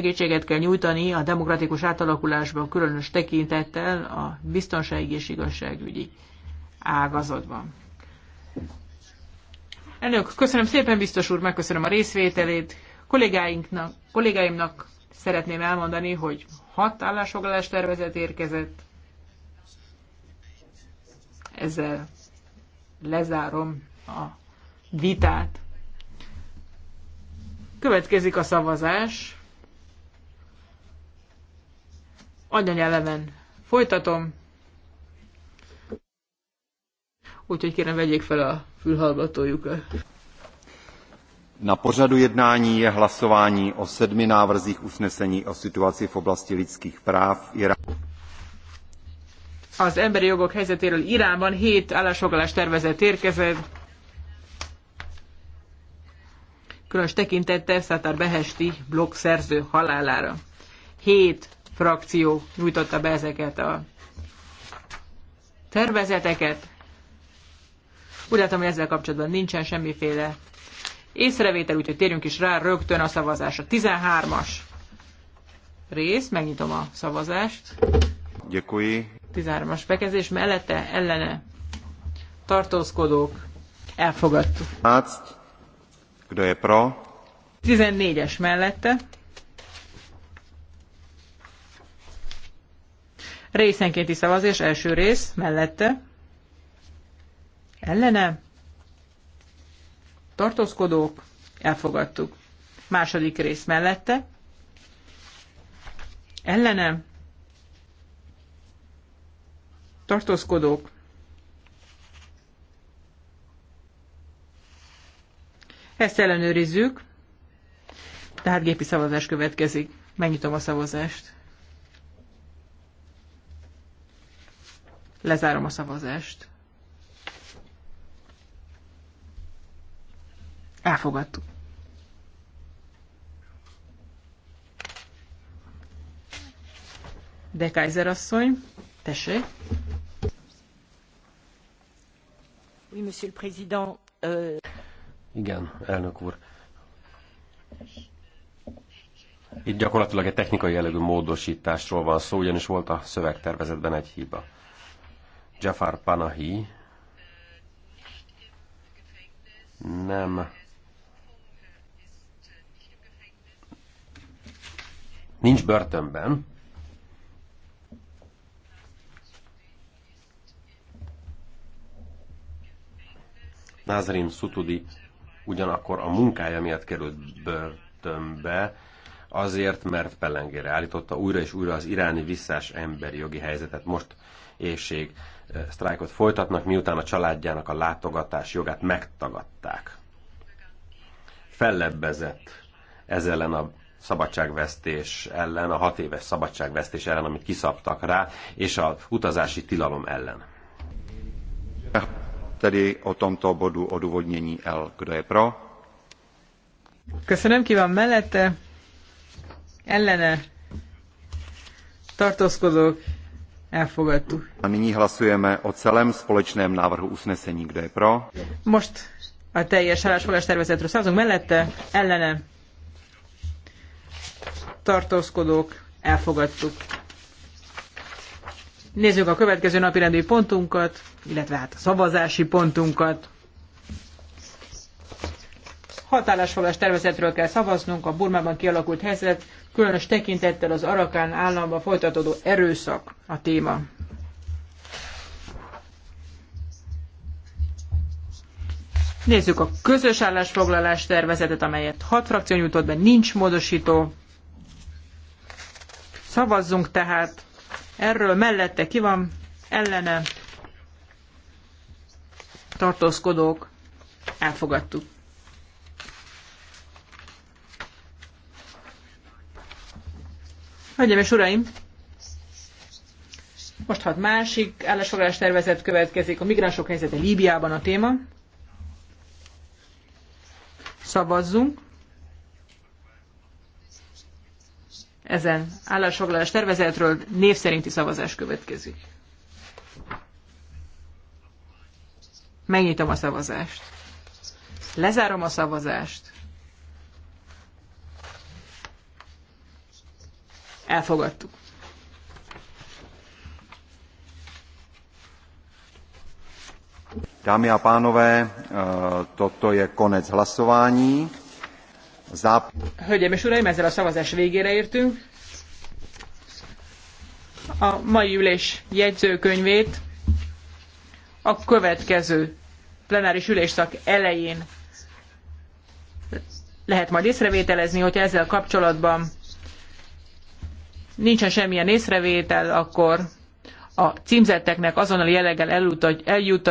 segítséget kell nyújtani a demokratikus átalakulásban, különös tekintettel a biztonsági és igazságügyi ágazatban. Elnök, köszönöm szépen, biztos úr, megköszönöm a részvételét. Kollégáinknak, kollégáimnak szeretném elmondani, hogy hat állásfoglalás tervezet érkezett. Ezzel lezárom a vitát. Következik a szavazás. nyelven folytatom. Úgyhogy kérem, vegyék fel a fülhallgatójukat. Na pořadu jednání je hlasování o sedmi návrzích usnesení o situaci v oblasti lidských práv Iránu. Az emberi jogok helyzetéről Iránban hét állásfoglalás tervezet érkezett. Különös tekintettel Szátár Behesti blogszerző halálára. Hét frakció nyújtotta be ezeket a tervezeteket. Úgy látom, hogy ezzel kapcsolatban nincsen semmiféle észrevétel, úgyhogy térjünk is rá rögtön a szavazásra. 13-as rész, megnyitom a szavazást. Gyakui. 13-as bekezdés mellette, ellene tartózkodók elfogadtuk. Kdo je pro? 14-es mellette Részenkénti szavazás első rész mellette. Ellene. Tartózkodók. Elfogadtuk. Második rész mellette. Ellene. Tartózkodók. Ezt ellenőrizzük. Tehát gépi szavazás következik. Megnyitom a szavazást. Lezárom a szavazást. Elfogadtuk. De Kaiser asszony, tessék. Oui, monsieur le président. Euh... Igen, elnök úr. Itt gyakorlatilag egy technikai jellegű módosításról van szó, ugyanis volt a szövegtervezetben egy hiba. Jafar Panahi nem nincs börtönben, Nazrin Sutudi ugyanakkor a munkája miatt került börtönbe, azért, mert pellengére állította újra és újra az iráni visszás emberi jogi helyzetet. Most éjség sztrájkot folytatnak, miután a családjának a látogatás jogát megtagadták. Fellebbezett ez ellen a szabadságvesztés ellen, a hat éves szabadságvesztés ellen, amit kiszabtak rá, és a utazási tilalom ellen. Tedy o tomto bodu odůvodnění L. Kdo je pro? Köszönöm, ki van mellette? ellene tartózkodók elfogadtuk. A nyní hlasujeme o celém společném návrhu usnesení, kde je pro. Most a teljes állásfoglalás tervezetről szavazunk mellette, ellene tartózkodók elfogadtuk. Nézzük a következő napi rendi pontunkat, illetve hát a szavazási pontunkat. Hatállásfoglalás tervezetről kell szavaznunk a Burmában kialakult helyzet, különös tekintettel az Arakán államban folytatódó erőszak a téma. Nézzük a közös állásfoglalás tervezetet, amelyet hat frakció nyújtott be, nincs módosító. Szavazzunk tehát erről mellette ki van, ellene tartózkodók, elfogadtuk. Hölgyeim és Uraim! Most hat másik állásfoglalás tervezet következik. A migránsok helyzete Líbiában a téma. Szavazzunk. Ezen állásfoglalás tervezetről név szerinti szavazás következik. Megnyitom a szavazást. Lezárom a szavazást. Elfogadtuk. Dámy a pánové, eh, toto je konec hlasování. Záp... Hölgyeim és uraim, ezzel a szavazás végére értünk. A mai ülés jegyzőkönyvét a következő plenáris ülésszak elején lehet majd észrevételezni, hogy ezzel kapcsolatban nincsen semmilyen észrevétel, akkor a címzetteknek azonnali jelleggel